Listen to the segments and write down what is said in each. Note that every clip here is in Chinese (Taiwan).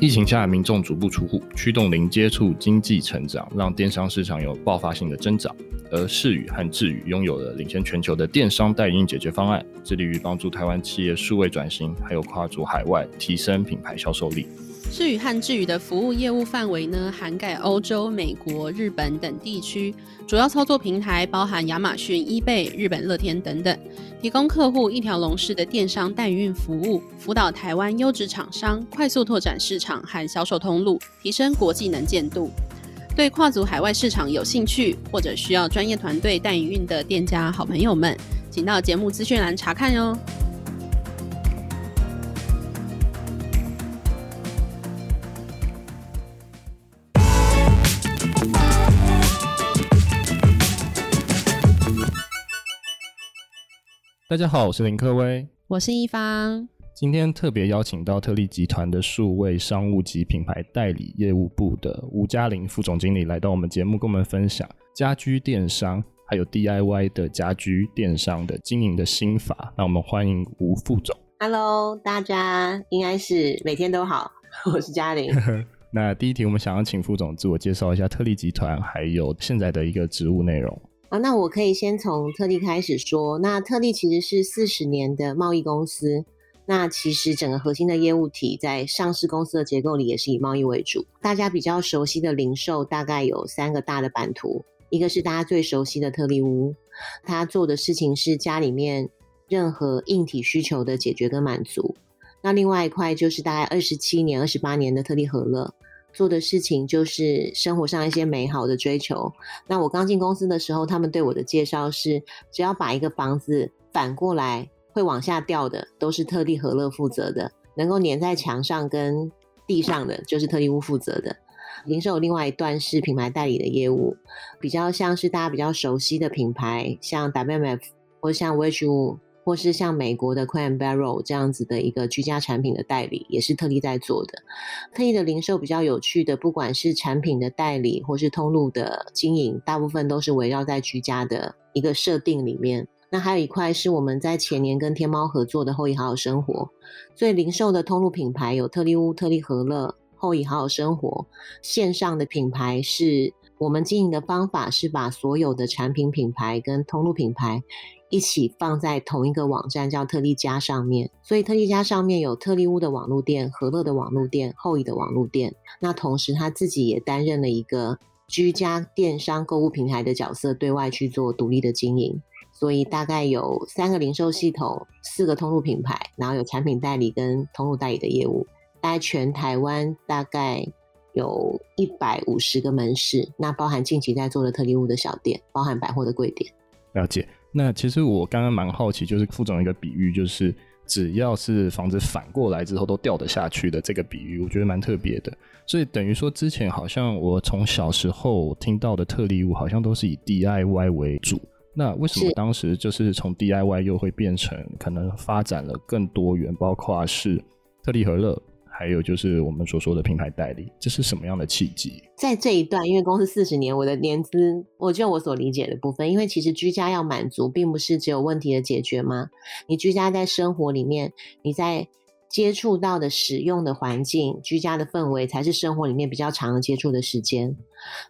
疫情下，民眾足不出戶，驅動零接觸經濟成長，讓電商市場有爆發性的增長。而視宇和秩宇擁有了領先全球的電商代運營解決方案，致力於幫助台灣企業數位轉型，還有跨足海外提升品牌銷售力。視宇和秩宇的服務業務範圍呢，涵蓋歐洲、美國、日本等地區，主要操作平台包含亞馬遜、eBay、日本樂天等等，提供客戶一條龍式的電商代運服務，輔導台灣優質廠商快速拓展市場和銷售通路，提升國際能見度。對跨足海外市場有興趣或者需要專業團隊代運的店家好朋友們，請到節目資訊欄查看喲、哦。大家好，我是林克威，我是一方。今天特別邀請到特力集團的數位商務及品牌代理業務部的吳嘉玲副總經理來到我們節目，跟我們分享家居電商還有 DIY 的家居電商的經營的心法。那我們歡迎吳副總。Hello，大家應該是每天都好，我是嘉玲。 那第一題，我們想要請副總自我介紹一下特力集團還有現在的一個職務內容。啊，那我可以先從特力開始說。那特力其實是四十年的貿易公司，那其實整個核心的業務體在上市公司的結構裡也是以貿易為主。大家比較熟悉的零售，大概有三個大的版圖，一個是大家最熟悉的特力屋，它做的事情是家裡面任何硬體需求的解決跟滿足。那另外一塊就是大概二十七年、二十八年的特力和樂，做的事情就是生活上一些美好的追求。那我剛進公司的時候，他們對我的介紹是：只要把一個房子反過來會往下掉的，都是特力和樂負責的；能夠粘在牆上跟地上的，就是特力屋負責的。零售另外一段是品牌代理的業務，比較像是大家比較熟悉的品牌，像 WMF 或者像 WHO。或是像美國的 Crate & Barrel 這樣子的一個居家產品的代理，也是特力在做的。特力的零售比較有趣的，不管是產品的代理或是通路的經營，大部分都是圍繞在居家的一個設定裡面。那還有一塊是我們在前年跟天貓合作的后羿好好生活。所以零售的通路品牌有特力屋、特力和樂、后羿好好生活。線上的品牌是我們經營的方法是把所有的產品品牌跟通路品牌。一起放在同一個網站，叫特力家上面。所以特力家上面有特力屋的網路店、和樂的網路店、后羿的網路店。那同時他自己也擔任了一個居家電商購物平台的角色，對外去做獨立的經營。所以大概有三個零售系統、四個通路品牌，然後有產品代理跟通路代理的業務。大概全台灣大概有一百五十個門市，那包含近期在做的特力屋的小店，包含百貨的櫃店。了解。那其實我剛剛蠻好奇，就是副總一個比喻，就是只要是房子反過來之後都掉得下去的這個比喻，我覺得蠻特別的。所以等於說之前好像我從小時候聽到的特力屋，好像都是以 D I Y 為主。那為什麼當時就是從 D I Y 又會變成可能發展了更多元，包括是特力和樂？還有就是我們所說的品牌代理，這是什麼樣的契機？在這一段，因為公司四十年，我的年資，我覺得我所理解的部分，因為其實居家要滿足，並不是只有問題的解決嗎？你居家在生活裡面，你在。接觸到的使用的環境、居家的氛圍，才是生活裡面比較長的接觸的時間。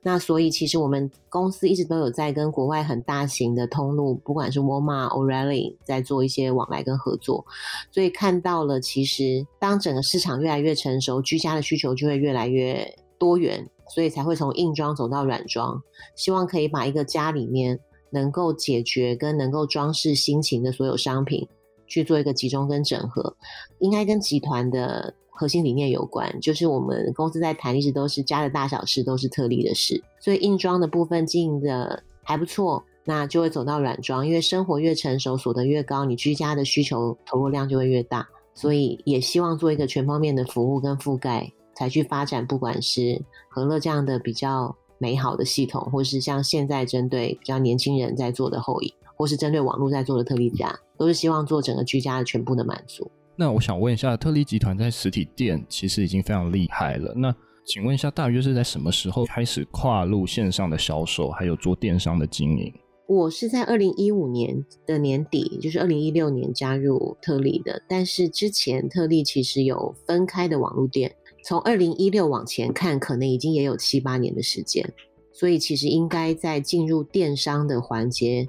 那所以，其實我們公司一直都有在跟國外很大型的通路，不管是 Walmart 或 Rally，在做一些往來跟合作。所以看到了，其實當整個市場越來越成熟，居家的需求就會越來越多元，所以才會從硬裝走到軟裝。希望可以把一個家裡面能夠解決、跟能夠裝飾心情的所有商品去做一個集中跟整合，應該跟集團的核心理念有關，就是我們公司在談一直都是家的大小事都是特力的事，所以硬裝的部分經營的還不錯，那就會走到軟裝，因為生活越成熟，所得越高，你居家的需求投入量就會越大，所以也希望做一個全方面的服務跟覆蓋，才去發展，不管是和樂這樣的比較美好的系統，或是像現在針對比較年輕人在做的後裔或是針對網絡在做的特力家，都是希望做整個居家的全部的滿足。那我想問一下，特力集團在實體店其實已經非常厲害了。那請問一下，大約是在什麼時候開始跨入線上的銷售，還有做電商的經營？我是在二零一五年的年底，就是二零一六年加入特力的。但是之前特力其實有分開的網絡店，從二零一六往前看，可能已經也有七八年的時間。所以其實應該在進入電商的環節。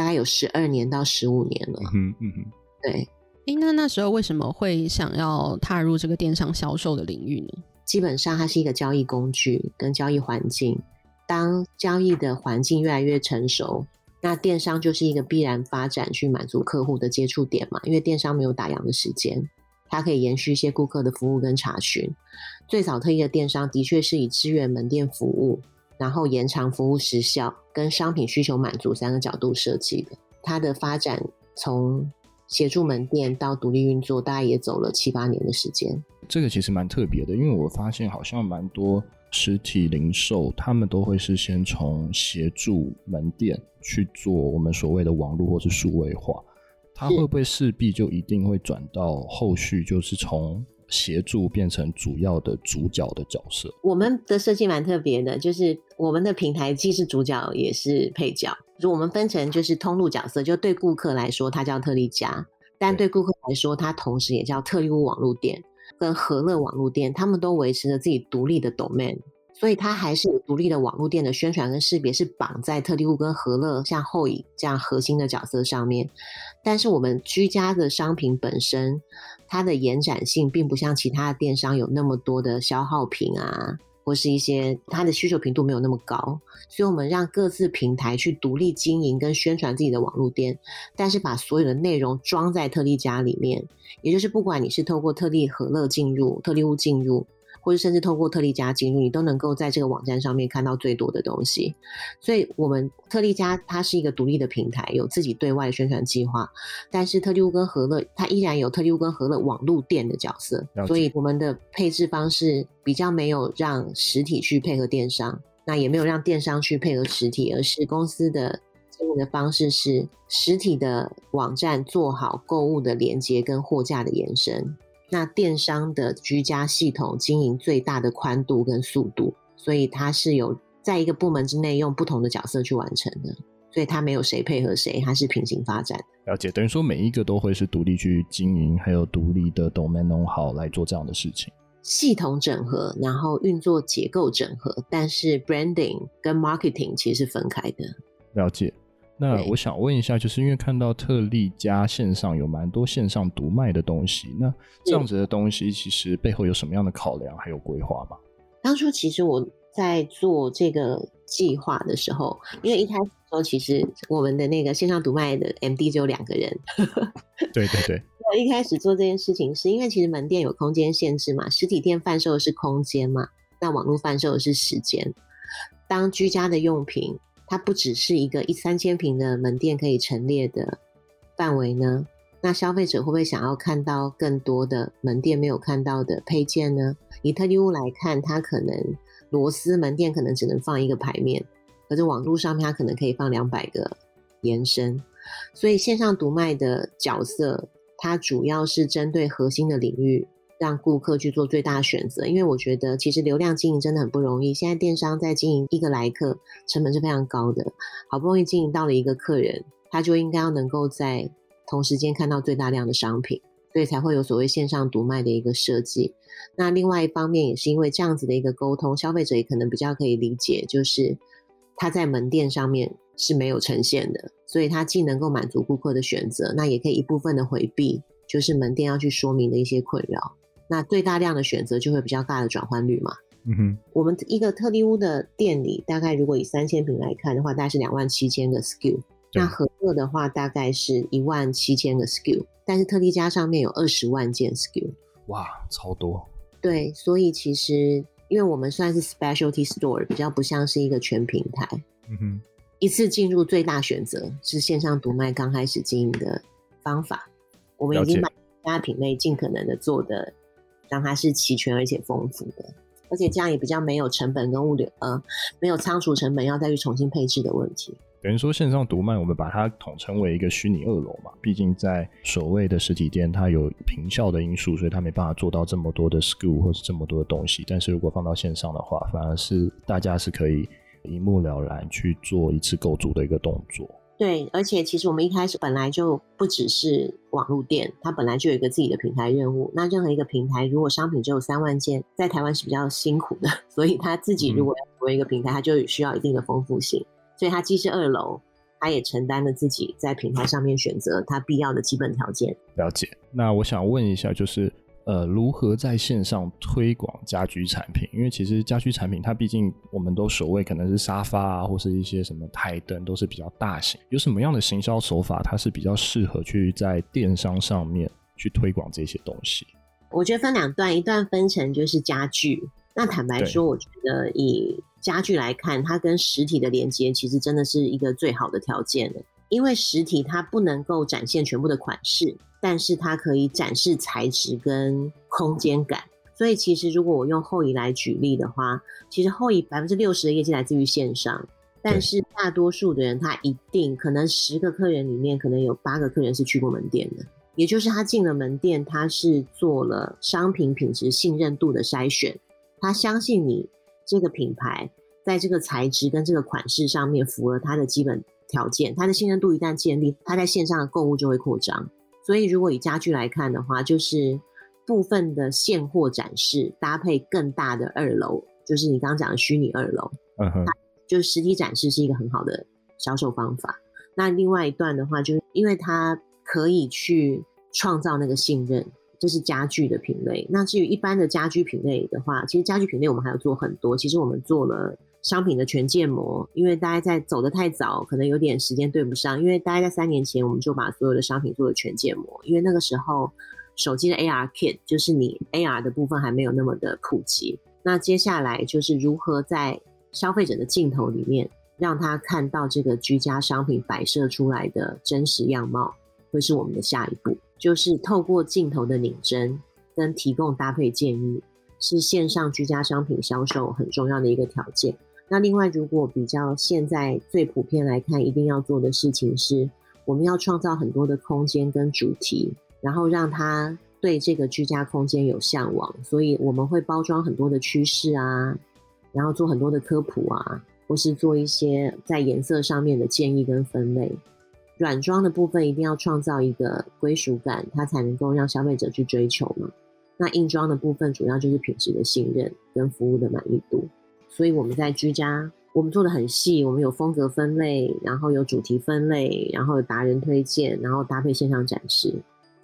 大概有十二年到十五年了。嗯嗯哼嗯，對誒。那那時候為什麼會想要踏入這個電商銷售的領域呢？基本上它是一個交易工具跟交易環境。當交易的環境越來越成熟，那電商就是一個必然發展，去滿足客戶的接觸點嘛。因為電商沒有打烊的時間，它可以延續一些顧客的服務跟查詢。最早特力的電商的確是以支援門店服務然後延長服務時效、跟商品需求滿足三個角度設計的，它的發展從協助門店到獨立運作，大概也走了七八年的時間。這個其實蠻特別的，因為我發現好像蠻多實體零售，他們都會是先從協助門店去做我們所謂的網絡或是數位化，它會不會勢必就一定會轉到後續就是從？協助變成主要的主角的角色。我們的設計蠻特別的，就是我們的平台既是主角也是配角。如我們分成就是通路角色，就對顧客來說，它叫特力家；但對顧客來說，它同時也叫特力屋網路店跟和樂網路店，他們都維持着自己獨立的 domain。所以它還是有獨立的網絡店的宣傳跟識別，是綁在特力屋跟和樂像後影這樣核心的角色上面。但是我們居家的商品本身，它的延展性並不像其他的電商有那麼多的消耗品啊，或是一些它的需求頻度沒有那麼高，所以我們讓各自平台去獨立經營跟宣傳自己的網絡店，但是把所有的內容裝在特力家裡面，也就是不管你是透過特力和樂進入，特力屋進入，或者甚至透過特力家進入，你都能夠在這個網站上面看到最多的東西。所以，我們特力家它是一個獨立的平台，有自己對外的宣傳計劃。但是，特力屋跟和樂它依然有特力屋跟和樂網路店的角色。了解。所以，我們的配置方式比較沒有讓實體去配合電商，那也沒有讓電商去配合實體，而是公司的經營的方式是實體的網站做好購物的連接跟貨架的延伸。那電商的居家系統經營最大的寬度跟速度，所以它是有在一個部門之內用不同的角色去完成的，所以它沒有誰配合誰，它是平行發展。了解，等於說每一個都會是獨立去經營，還有獨立的 domain know-how 來做這樣的事情。系統整合，然後運作結構整合，但是 branding 跟 marketing 其實是分開的。了解。那我想問一下，就是因為看到特力家線上有蠻多線上獨賣的東西呢，那是這樣子的東西其實背後有什麼樣的考量還有規劃嗎？當初其實我在做這個計劃的時候，因為一開始說，其實我們的那個線上獨賣的 MD 只有兩個人，對對對。我 一開始做這件事情是因為其實門店有空間限制嘛，實體店販售的是空間嘛，那網絡販售的是時間，當居家的用品。它不只是一個一三千平的門店可以陳列的範圍呢？那消費者會不會想要看到更多的門店沒有看到的配件呢？以特力屋來看，它可能螺絲門店可能只能放一個牌面，可是網絡上面它可能可以放兩百個延伸，所以線上獨賣的角色，它主要是針對核心的領域，讓顧客去做最大的選擇，因為我覺得其實流量經營真的很不容易。現在電商在經營一個來客成本是非常高的，好不容易經營到了一個客人，他就應該要能夠在同時間看到最大量的商品，所以才會有所謂線上獨賣的一個設計。那另外一方面也是因為這樣子的一個溝通，消費者也可能比較可以理解，就是他在門店上面是沒有呈現的，所以他既能夠滿足顧客的選擇，那也可以一部分的迴避，就是門店要去說明的一些困擾。那最大量的選擇就會比較大的轉換率嘛？嗯哼，我們一個特力屋的店裡，大概如果以三千坪來看的話，大概是兩萬七千個 SKU 對。那合作的話，大概是一萬七千個 SKU。但是特力家上面有二十萬件 SKU。哇，超多！對，所以其實因為我們算是 specialty store，比較不像是一個全平台。嗯哼，一次進入最大選擇是線上獨賣剛開始經營的方法。我們已經把大品類盡可能的做的。讓它是齊全而且豐富的，而且這樣也比較沒有成本跟物流，呃，沒有倉儲成本要再去重新配置的問題。等於說，線上獨賣，我們把它統稱為一個虛擬二樓嘛。畢竟在所謂的實體店，它有坪效的因素，所以它沒辦法做到這麼多的 SKU 或者是這麼多的東西。但是如果放到線上的話，反而是大家是可以一目了然去做一次構築的一個動作。對，而且其實我們一開始本來就不只是網路店，它本來就有一個自己的平台任務。那任何一個平台，如果商品只有三萬件，在台灣是比較辛苦的。所以它自己如果要作為一個平台，嗯、它就需要一定的豐富性。所以它既是二樓，它也承擔了自己在平台上面選擇它必要的基本條件。了解。那我想問一下，就是。呃，如何在線上推廣家居產品？因為其實家居產品，它畢竟我們都所謂可能是沙發啊，或是一些什麼台燈，都是比較大型。有什麼樣的行銷手法，它是比較適合去在電商上面去推廣這些東西？我覺得分兩段，一段分成就是家具。那坦白說，我覺得以家具來看，它跟實體的連接，其實真的是一個最好的條件了。因為實體它不能夠展現全部的款式，但是它可以展示材質跟空間感。所以其實如果我用後移來舉例的話，其實後移百分之六十的業績來自於線上，但是大多數的人他一定、嗯、可能十個客人裡面可能有八個客人是去過門店的，也就是他進了門店，他是做了商品品質信任度的篩選，他相信你這個品牌在這個材質跟這個款式上面符合他的基本。條件，它的信任度一旦建立，它在線上的購物就會擴張。所以，如果以家具來看的話，就是部分的現貨展示搭配更大的二樓，就是你剛剛講的虛擬二樓，uh huh. 它就是實體展示是一個很好的銷售方法。那另外一段的話，就是因為它可以去創造那個信任，這、就是家具的品類。那至於一般的家居品類的話，其實家居品類我們還有做很多。其實我們做了。商品的全建模，因為大家在走得太早，可能有點時間對不上。因為大概在三年前，我們就把所有的商品做了全建模。因為那個時候，手機的 AR Kit 就是你 AR 的部分還沒有那麼的普及。那接下來就是如何在消費者的鏡頭裡面，讓他看到這個居家商品擺設出來的真實樣貌，會是我們的下一步。就是透過鏡頭的擬真跟提供搭配建議，是線上居家商品銷售很重要的一個條件。那另外，如果比較現在最普遍來看，一定要做的事情是，我們要創造很多的空間跟主題，然後讓他對這個居家空間有向往。所以我們會包裝很多的趨勢啊，然後做很多的科普啊，或是做一些在顏色上面的建議跟分類。軟裝的部分一定要創造一個歸屬感，它才能夠讓消費者去追求嘛。那硬裝的部分主要就是品質的信任跟服務的滿意度。所以我們在居家，我們做得很細，我們有風格分類，然後有主題分類，然後有達人推薦，然後搭配線上展示。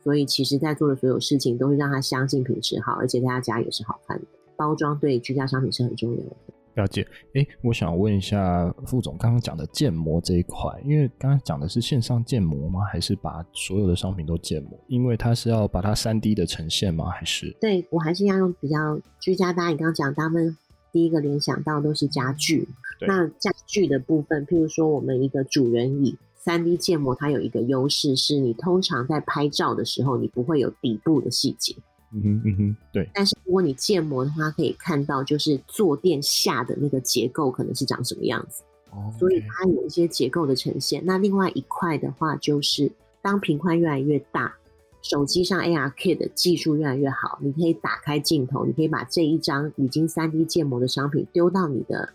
所以其實，在做的所有事情都是讓他相信品質好，而且在他家也是好看的。包裝對居家商品是很重要的。表姐，哎，我想問一下副總，剛剛講的建模這一塊，因為剛剛講的是線上建模嗎？還是把所有的商品都建模？因為它是要把它三 D 的呈現嗎？還是對我還是要用比較居家？大家你剛剛講他們。第一個聯想到都是家具，對那家具的部分，譬如說我們一個主人椅，3D 建模它有一個優勢是，你通常在拍照的時候，你不會有底部的細節，嗯哼嗯哼，對。但是如果你建模的話，可以看到就是坐墊下的那個結構可能是長什麼樣子，哦、oh, okay，所以它有一些結構的呈現。那另外一塊的話，就是當頻寬越來越大。手機上 ARKit 的技術越來越好，你可以打開鏡頭，你可以把這一張已經 3D 建模的商品丟到你的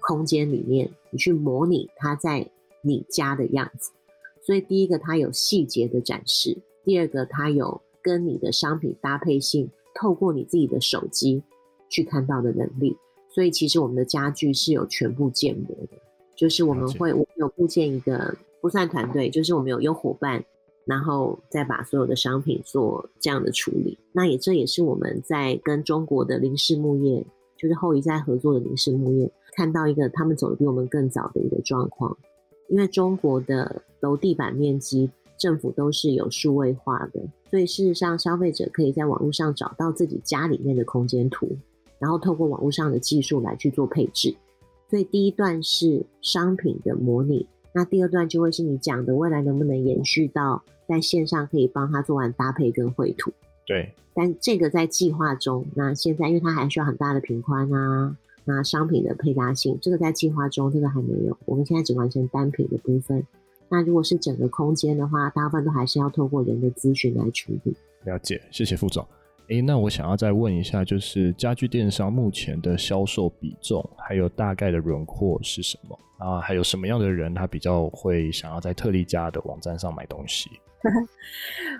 空間裡面，你去模擬它在你家的樣子。所以第一個它有細節的展示，第二個它有跟你的商品搭配性，透過你自己的手機去看到的能力。所以其實我們的家具是有全部建模的，就是我們會我們有部建一個不算團隊，就是我們有優夥伴。然後再把所有的商品做這樣的處理，那也這也是我們在跟中國的林氏木業，就是後一再合作的林氏木業，看到一個他們走得比我們更早的一個狀況，因為中國的樓地板面積，政府都是有數位化的，所以事實上消費者可以在網絡上找到自己家裡面的空間圖，然後透過網絡上的技術來去做配置，所以第一段是商品的模擬。那第二段就會是你講的未來能不能延續到在線上可以幫他做完搭配跟繪圖？對，但這個在計劃中。那現在因為他還需要很大的頻寬啊，那商品的配搭性，這個在計劃中，這個還沒有。我們現在只完成單品的部分。那如果是整個空間的話，大部分都還是要透過人的諮詢來處理。了解，謝謝副總。哎，那我想要再問一下，就是家具電商目前的銷售比重還有大概的輪廓是什麼？啊，還有什麼樣的人他比較會想要在特立家的網站上買東西？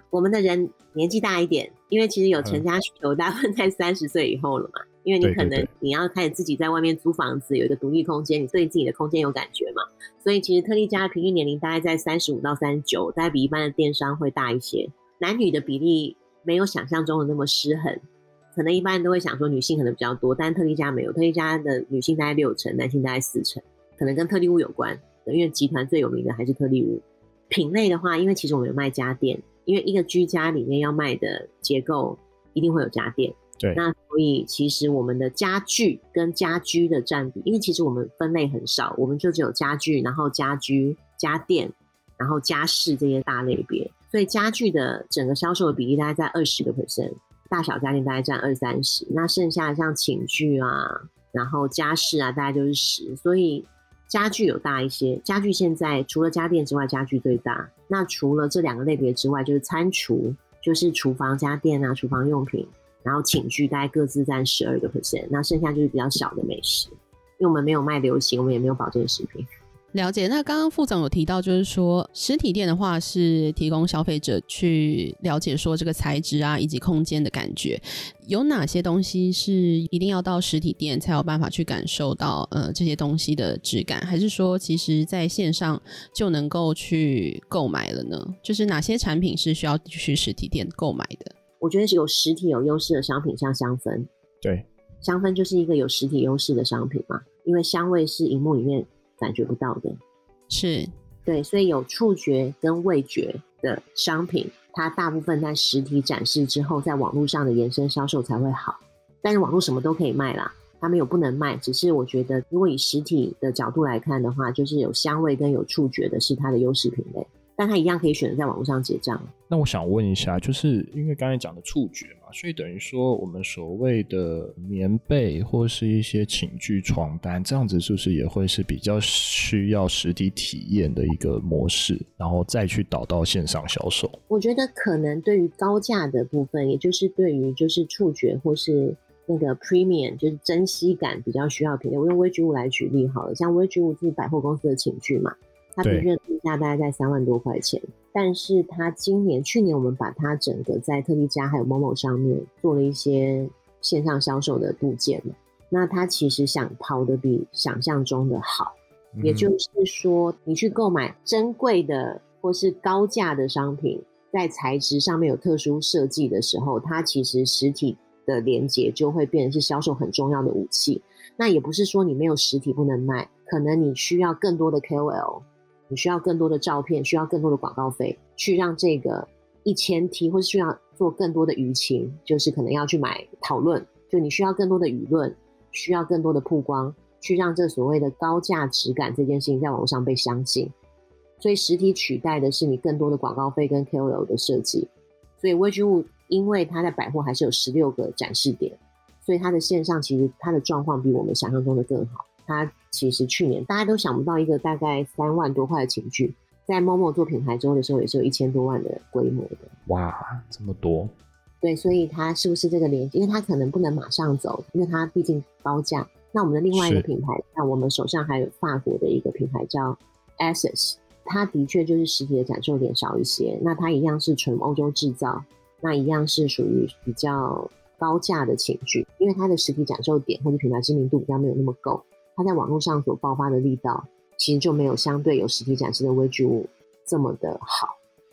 我們的人年紀大一點，因為其實有成家，有、嗯、大部分在三十歲以後了嘛。因為你可能你要開始自己在外面租房子，有一個獨立空間，你對自己的空間有感覺嘛。所以其實特立家的平均年齡大概在三十五到三十九，大概比一般的電商會大一些。男女的比例，沒有想象中的那麼失衡，可能一般人都會想說女性可能比較多，但特力家沒有，特力家的女性大概六成，男性大概四成，可能跟特力屋有關，因為集團最有名的還是特力屋。品類的話，因為其實我們有賣家電，因為一個居家裡面要賣的結構一定會有家電。對，那所以其實我們的家具跟家居的占比，因為其實我們分類很少，我們就只有家具，然後家居、家電，然後家飾這些大類別。所以家具的整個銷售的比例大概在二十個 percent，大小家電大概占二三十，那剩下像寢具啊，然後家飾啊，大概就是十。所以家具有大一些，家具現在除了家電之外，家具最大。那除了這兩個類別之外，就是餐廚，就是廚房家電啊，廚房用品，然後寢具大概各自占十二個 percent。那剩下就是比較小的美食。因為我們沒有賣流行，我們也沒有保健食品。了解，那剛剛副總有提到，就是說實體店的話是提供消費者，去了解說這個材質啊以及空間的感覺，有哪些東西是一定要到實體店才有辦法去感受到呃這些東西的質感，還是說其實在線上就能夠去購買了呢？就是哪些產品是需要去實體店購買的？我覺得是有實體有優勢的商品，像香氛。對，香氛就是一個有實體優勢的商品嘛，因為香味是熒幕裡面。感覺不到的，是對，所以有觸覺跟味覺的商品，它大部分在實體展示之後，在網絡上的延伸銷售才會好。但是網絡什麼都可以賣啦，它沒有不能賣，只是我覺得，如果以實體的角度來看的話，就是有香味跟有觸覺的是它的優勢品類，但它一樣可以選擇在網絡上結賬。那我想問一下，就是因為剛才講的觸覺。所以等於說，我們所謂的棉被或是一些寢具、床單這樣子是，就是也會是比較需要實體體驗的一個模式，然後再去導到線上銷售。我覺得可能對於高價的部分，也就是對於就是觸覺或是那個 premium 就是珍惜感比較需要品。我用微居物來舉例好了，像微居物就是百貨公司的寢具嘛。它的均價大概在三萬多塊錢，對但是它今年去年我們把它整個在特力家還有 Momo 上面做了一些線上銷售的部件嘛，那它其實想跑的比想象中的好，嗯、也就是說你去購買珍貴的或是高價的商品，在材質上面有特殊設計的時候，它其實實體的連接就會變成是銷售很重要的武器。那也不是說你沒有實體不能賣，可能你需要更多的 KOL。你需要更多的照片，需要更多的廣告費，去讓這個一千 T，或是需要做更多的輿情，就是可能要去買討論，就你需要更多的輿論，需要更多的曝光，去讓這所謂的高價值感這件事情在網絡上被相信。所以實體取代的是你更多的廣告費跟 KOL 的設計。所以微基物，因為它在百貨還是有十六個展示點，所以它的線上其實它的狀況比我們想象中的更好。它其實去年大家都想不到一個大概三萬多塊的寢具，在 Momo 做品牌之後的時候也是有一千多萬的規模的。哇，這麼多！對，所以它是不是這個連接？因為它可能不能馬上走，因為它畢竟高價。那我們的另外一個品牌，是那我們手上還有法國的一個品牌叫 ASIS 它的確就是實體的展售點少一些，那它一樣是純歐洲制造，那一樣是屬於比較高價的寢具，因為它的實體展售點或者品牌知名度比較沒有那麼夠。它在網絡上所爆發的力道，其實就沒有相對有實體展示的微劇物這麼的好，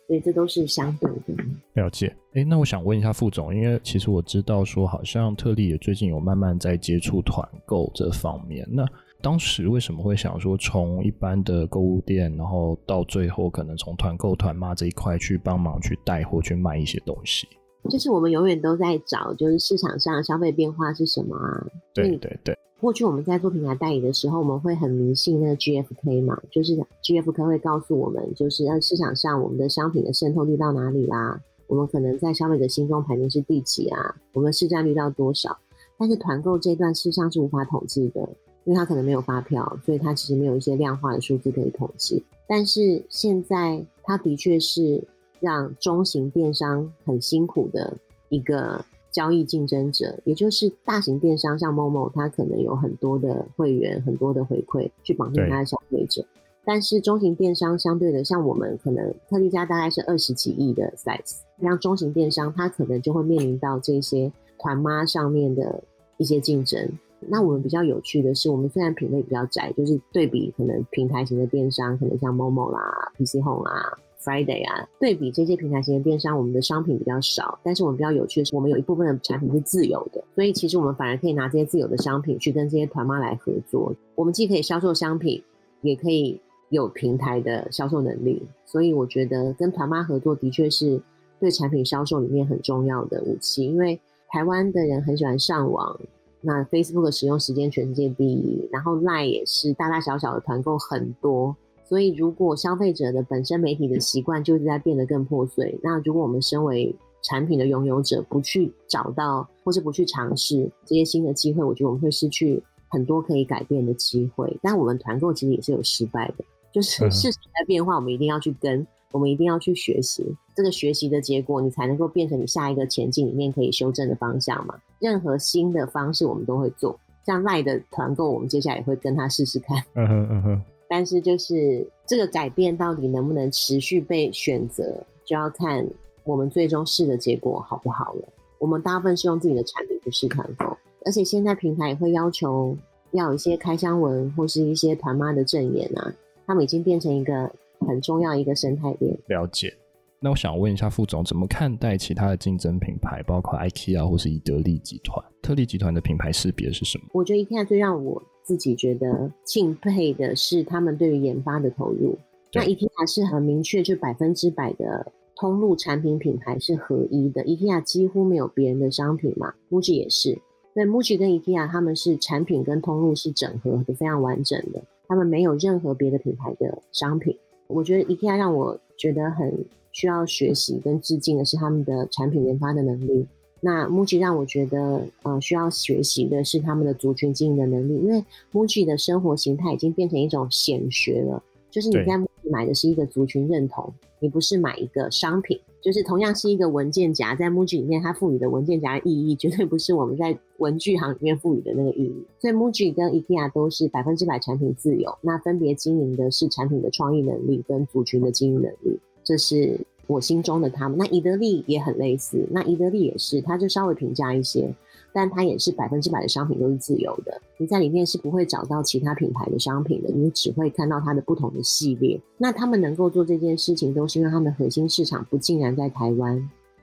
所以這都是相對的。了解、欸，那我想問一下副總，因為其實我知道說好像特力也最近有慢慢在接觸團購這方面，那當時為什麼會想說從一般的購物店，然後到最後可能從團購團媽這一塊去幫忙去帶貨去賣一些東西？就是我們永遠都在找，就是市場上消費變化是什麼啊？對對對。過去我們在做平台代理的時候，我們會很迷信那個 GFK 嘛，就是 GFK 會告訴我們，就是讓、啊、市場上我們的商品的滲透率到哪裡啦、啊，我們可能在消費者心中排名是第幾啊，我們市佔率到多少？但是團購這段事實上是無法統計的，因為它可能沒有發票，所以它其實沒有一些量化的數字可以統計。但是現在它的確是。讓中型電商很辛苦的一個交易競爭者，也就是大型電商，像 Momo，它可能有很多的會員，很多的回饋去綁定它的消費者。對但是中型電商相對的，像我們可能特力家大概是二十幾億的 size，讓中型電商它可能就會面臨到這些團媽上面的一些競爭。那我們比較有趣的是，我們雖然品類比較窄，就是對比可能平台型的電商，可能像 Momo 啦、PC Home 啦。Friday 啊，對比這些平台型的電商，我們的商品比較少，但是我們比較有趣的是，我們有一部分的產品是自有的，所以其實我們反而可以拿這些自有的商品去跟這些團媽來合作。我們既可以銷售商品，也可以有平台的銷售能力，所以我覺得跟團媽合作的確是對產品銷售裡面很重要的武器，因為台灣的人很喜歡上網，那 Facebook 使用時間全世界第一，然後 LINE 也是大大小小的團購很多。所以，如果消費者的本身媒體的習慣就是在變得更破碎，那如果我們身為產品的擁有者，不去找到或是不去嘗試這些新的機會，我覺得我們會失去很多可以改變的機會。但我們團購其實也是有失敗的，就是事情在變化，我們一定要去跟，嗯、我們一定要去學習。這個學習的結果，你才能夠變成你下一個前進裡面可以修正的方向嘛。任何新的方式，我們都會做，像 LINE 的團購，我們接下來也會跟他試試看。嗯嗯嗯但是就是這個改變到底能不能持續被選擇，就要看我們最終試的結果好不好了。我們大部分是用自己的產品去試探風，而且現在平台也會要求要有一些開箱文或是一些團媽的證言啊。他們已經變成一個很重要一個生態鏈。了解。那我想問一下副總，怎麼看待其他的競爭品牌，包括 IKEA 或是宜得利集團，特力集團的品牌識別是什麼？我覺得 IKEA 最讓我，自己覺得敬佩的是他們對於研發的投入。那伊蒂 a 是很明確就100，就百分之百的通路產品品牌是合一的。伊蒂 a 幾乎沒有別人的商品嘛，u 穆 i 也是。那 u c 穆 i 跟伊蒂 a 他們是產品跟通路是整合的非常完整的，他們沒有任何別的品牌的商品。我覺得伊蒂 a 讓我覺得很需要學習跟致敬的是他們的產品研發的能力。那 MUJI 讓我覺得，呃，需要學習的是他們的族群經營的能力，因為 MUJI 的生活形態已經變成一種顯學了。就是你在 MUJI 買的是一個族群認同，對你不是買一個商品，就是同樣是一個文件夾，在 MUJI 裡面它賦予的文件夾的意義，絕對不是我們在文具行裡面賦予的那個意義。所以 MUJI 跟 IKEA 都是百分之百產品自由，那分別經營的是產品的創意能力跟族群的經營能力，這是。我心中的他們，那宜得利也很類似，那宜得利也是，它就稍微平價一些，但它也是百分之百的商品都是自有的，你在裡面是不會找到其他品牌的商品的，你只會看到它的不同的系列。那他們能夠做這件事情，都是因為他們的核心市場不盡然在台灣，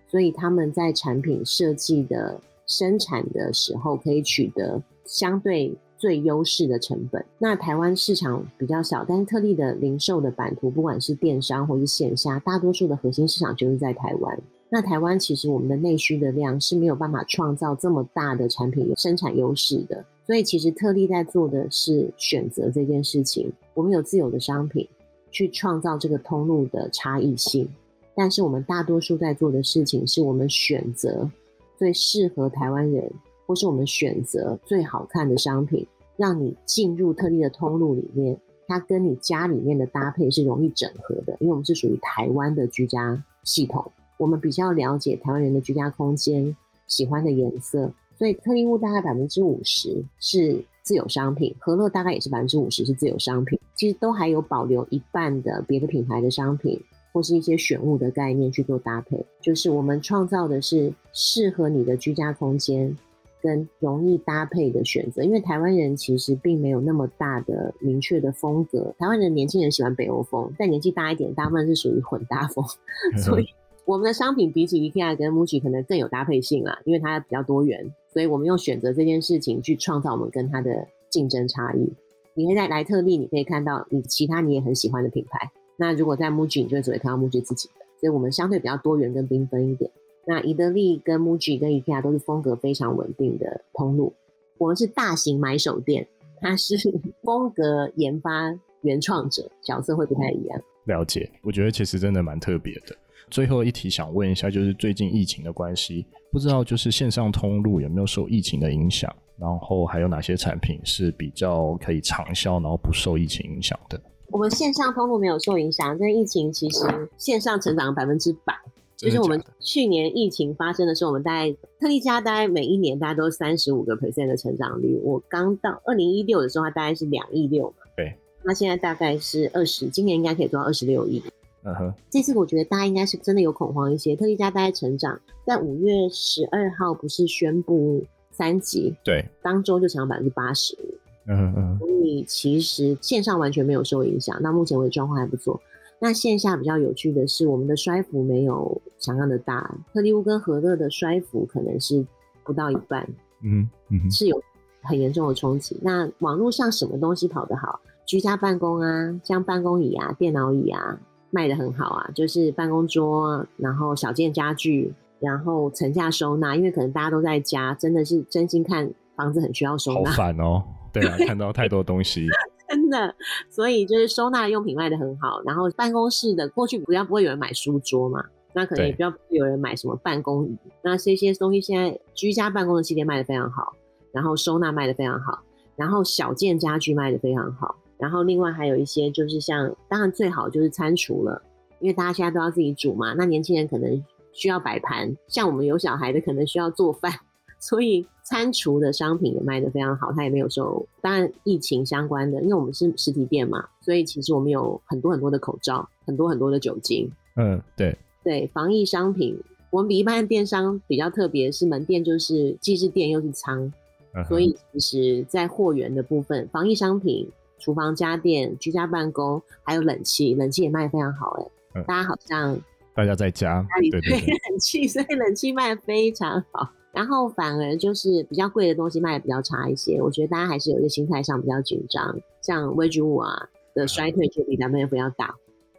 所以他們在產品設計的生產的時候，可以取得相對。最優勢的成本。那台灣市場比較小，但是特力的零售的版圖，不管是電商或是線下，大多數的核心市場就是在台灣。那台灣其實我們的內需的量是沒有辦法創造這麼大的產品生產優勢的。所以其實特力在做的是選擇這件事情。我們有自有的商品去創造這個通路的差異性，但是我們大多數在做的事情，是我們選擇最適合台灣人。或是我們選擇最好看的商品，讓你進入特力的通路裡面，它跟你家裡面的搭配是容易整合的，因為我們是屬於台灣的居家系統，我們比較了解台灣人的居家空間、喜歡的顏色，所以特力屋大概百分之五十是自有商品，和樂大概也是百分之五十是自有商品，其實都還有保留一半的別的品牌的商品或是一些選物的概念去做搭配，就是我們創造的是適合你的居家空間。跟容易搭配的選擇，因為台灣人其實並沒有那麼大的明確的風格。台灣的年輕人喜歡北歐風，但年紀大一點，大部分是屬於混搭風。嗯、哼 所以我們的商品比起 IKEA 跟 MUJI 可能更有搭配性啦，因為它比較多元。所以我們用選擇這件事情去創造我們跟它的競爭差異。你可以在來特力，你可以看到你其他你也很喜歡的品牌。那如果在 MUJI 你就會只會看到 MUJI 自己的，所以我們相對比較多元跟繽紛一點。那宜得利跟 MUJI 跟 IKEA 都是風格非常穩定的通路，我們是大型買手店，它是風格研發原創者，角色會不太一樣。了解，我覺得其實真的蠻特別的。最後一題想問一下，就是最近疫情的關係，不知道就是線上通路有沒有受疫情的影響？然後還有哪些產品是比較可以長效，然後不受疫情影響的？我們線上通路沒有受影響，但疫情其實線上成長了百分之百。就是我們去年疫情發生的時候，我們大概特力家大概每一年大概都是三十五個 percent 的成長率。我剛到二零一六的時候，它大概是兩億六嘛。對，那現在大概是二十，今年應該可以做到二十六億。嗯哼、uh，huh. 這次我覺得大家應該是真的有恐慌一些。特力家大概成長，在五月十二號不是宣布三級，對，當周就漲了百分之八十五。嗯嗯，uh huh. 所以其實線上完全沒有受影響，那目前為止狀況還不錯。那線下比較有趣的是，我們的衰幅沒有想象的大，特力屋跟和樂的衰幅可能是不到一半，嗯嗯，是有很嚴重的衝擊。那網絡上什麼東西跑得好？居家辦公啊，像辦公椅啊、電腦椅啊，賣得很好啊，就是辦公桌，然後小件家具，然後層架收納，因為可能大家都在家，真的是真心看房子很需要收納。好煩哦、喔，對啊， 看到太多東西。 真的，所以就是收納用品賣的很好，然後辦公室的過去不要，不會有人買書桌嘛，那可能也不會有人買什麼辦公椅，對那這些東西現在居家辦公的系列賣的非常好，然後收納賣的非常好，然後小件家具賣的非,非常好，然後另外還有一些就是像，當然最好就是餐廚了，因為大家現在都要自己煮嘛，那年輕人可能需要擺盤，像我們有小孩的可能需要做飯。所以餐廚的商品也賣得非常好，它也沒有受當然疫情相關的，因為我們是實體店嘛，所以其實我們有很多很多的口罩，很多很多的酒精。嗯，對對，防疫商品，我們比一般的電商比較特別，是門店就是既是店又是倉，嗯哼，所以其實在貨源的部分，防疫商品、廚房家電、居家辦公，還有冷氣，冷氣也賣得非常好哎，嗯、大家好像大家在家家裡冷氣，對對對，所以冷氣賣得非常好。然後反而就是比較貴的東西賣的比較差一些，我覺得大家還是有些心態上比較緊張。像微五啊的衰退就比 W F 要大，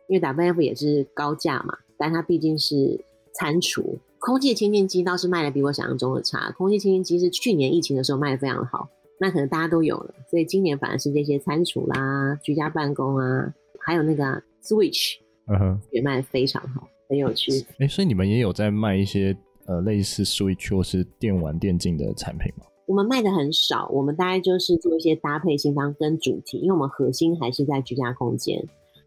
因為 W F 也是高價嘛，但它畢竟是餐廚。空氣清淨機倒是賣的比我想象中的差。空氣清淨機是去年疫情的時候賣的非常好，那可能大家都有了，所以今年反而是這些餐廚啦、居家辦公啊，還有那個 Switch，嗯哼，也賣得非常好，嗯、哼很有趣。哎，所以你們也有在賣一些。呃，類似 Switch 或是電玩電競的產品嗎？我們賣的很少，我們大概就是做一些搭配性商跟主題，因為我們核心還是在居家空間。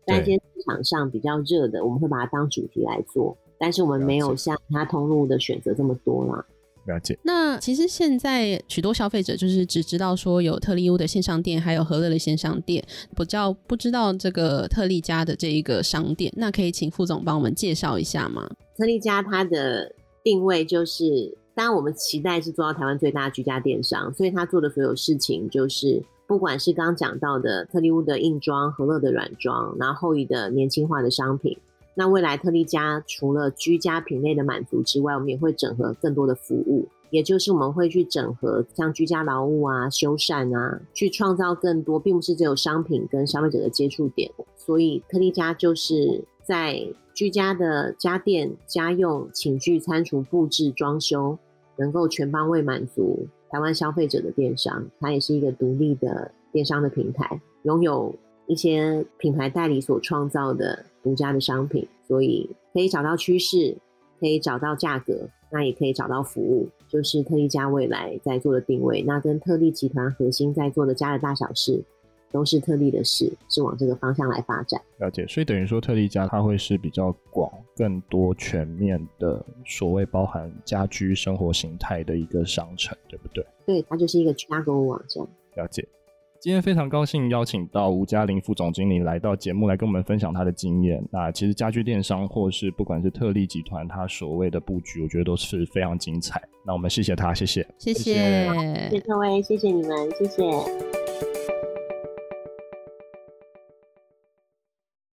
但一些市場上比較熱的，我們會把它當主題來做，但是我們沒有像它通路的選擇這麼多啦了了解。那其實現在許多消費者就是只知道說有特力屋的線上店，還有和樂的線上店，不叫不知道這個特力家的這一個商店。那可以請副總幫我們介紹一下嗎？特力家它的。定位就是，當然我們期待是做到台灣最大的居家電商，所以他做的所有事情就是，不管是剛講到的特力屋的硬裝、和樂的軟裝，然後後裔的年輕化的商品，那未來特力家除了居家品類的滿足之外，我們也會整合更多的服務，也就是我們會去整合像居家勞務啊、修繕啊，去創造更多，並不是只有商品跟消費者的接觸點，所以特力家就是。在居家的家電、家用、寢具、餐廚、佈置、裝修，能夠全方位滿足台灣消費者的電商，它也是一個獨立的電商的平台，擁有一些品牌代理所創造的獨家的商品，所以可以找到趨勢，可以找到價格，那也可以找到服務，就是特力家未來在做的定位，那跟特力集團核心在做的家的大小事。都是特立的事，是往這個方向來發展。了解，所以等於說特立家它會是比較廣、更多全面的，所謂包含家居生活形態的一個商城，對不對？對，它就是一個家購物網站。了解。今天非常高興邀請到吳嘉玲副總經理來到節目來跟我們分享他的經驗。那其實家居電商或是不管是特立集團它所謂的布局，我覺得都是非常精彩。那我們謝謝他，謝謝，謝謝,謝,謝、啊，謝謝各位，謝謝你們，謝謝。